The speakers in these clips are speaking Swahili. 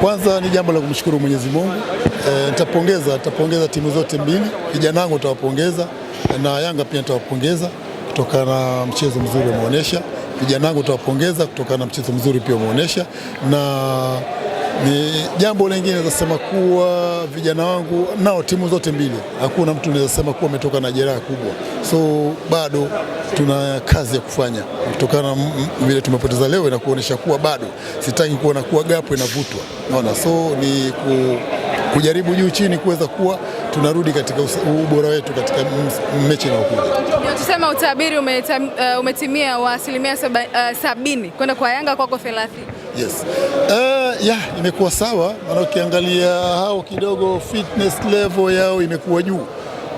Kwanza ni jambo la kumshukuru Mwenyezi Mungu. E, nitapongeza e, nitapongeza timu zote mbili, vijana wangu nitawapongeza na Yanga pia nitawapongeza kutokana na mchezo mzuri umeonyesha. Vijana wangu nitawapongeza kutokana na mchezo mzuri pia umeonyesha na ni jambo lingine naweza sema kuwa vijana wangu nao, timu zote mbili, hakuna mtu naweza sema kuwa ametoka na jeraha kubwa, so bado tuna kazi ya kufanya kutokana na vile tumepoteza leo, na kuonesha kuwa bado sitaki kuona kuwa gapo inavutwa, naona so ni ku, kujaribu juu chini kuweza kuwa tunarudi katika ubora wetu katika mechi inayokuja. Tusema utabiri umetam, uh, umetimia wa asilimia uh, sabini kwenda kwa Yanga kwako thelathini. Yes. Uh, ya imekuwa sawa, maana ukiangalia hao kidogo fitness level yao imekuwa juu.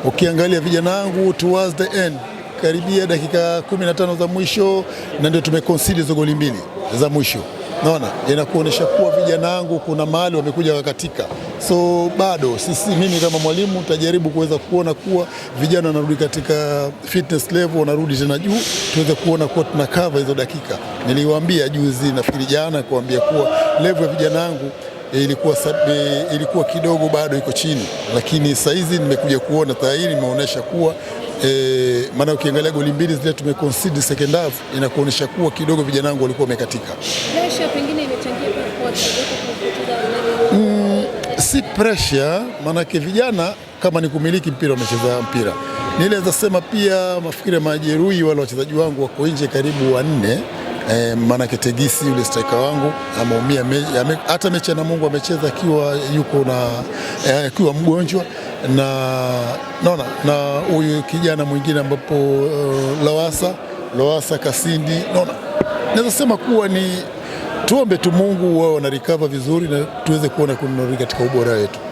Ukiangalia vijana wangu towards the end karibia dakika 15 za mwisho, na ndio tumeconcede hizo goli mbili za mwisho, naona inakuonyesha kuwa vijana wangu kuna mahali wamekuja wakatika So bado sisi, mimi kama mwalimu tajaribu kuweza kuona kuwa vijana wanarudi katika fitness level, wanarudi tena juu, tuweze kuona kuwa tuna cover hizo dakika. Niliwaambia juzi, nafikiri jana, kuambia kuwa level ya vijana wangu Eh, ilikuwa, eh, ilikuwa kidogo bado iko chini, lakini sasa hizi nimekuja kuona tayari imeonyesha kuwa E, maana ukiangalia goli mbili zile tumeconcede second half inakuonyesha kuwa kidogo vijana wangu walikuwa wamekatika. Mm, si pressure, maanake vijana kama ni kumiliki mpira wamecheza mpira. Nileweza sema pia mafikiri ya majeruhi wale wachezaji wangu wako nje karibu wanne eh, maanake Tegisi yule striker wangu ameumia me, hata mechi ya Namungo amecheza akiwa yuko na e, akiwa mgonjwa na naona na huyu kijana mwingine ambapo uh, eh, Lawasa Lawasa Kasindi naona naweza sema kuwa ni tuombe tu Mungu wao wana recover vizuri na tuweze kuona kununuri katika ubora wetu.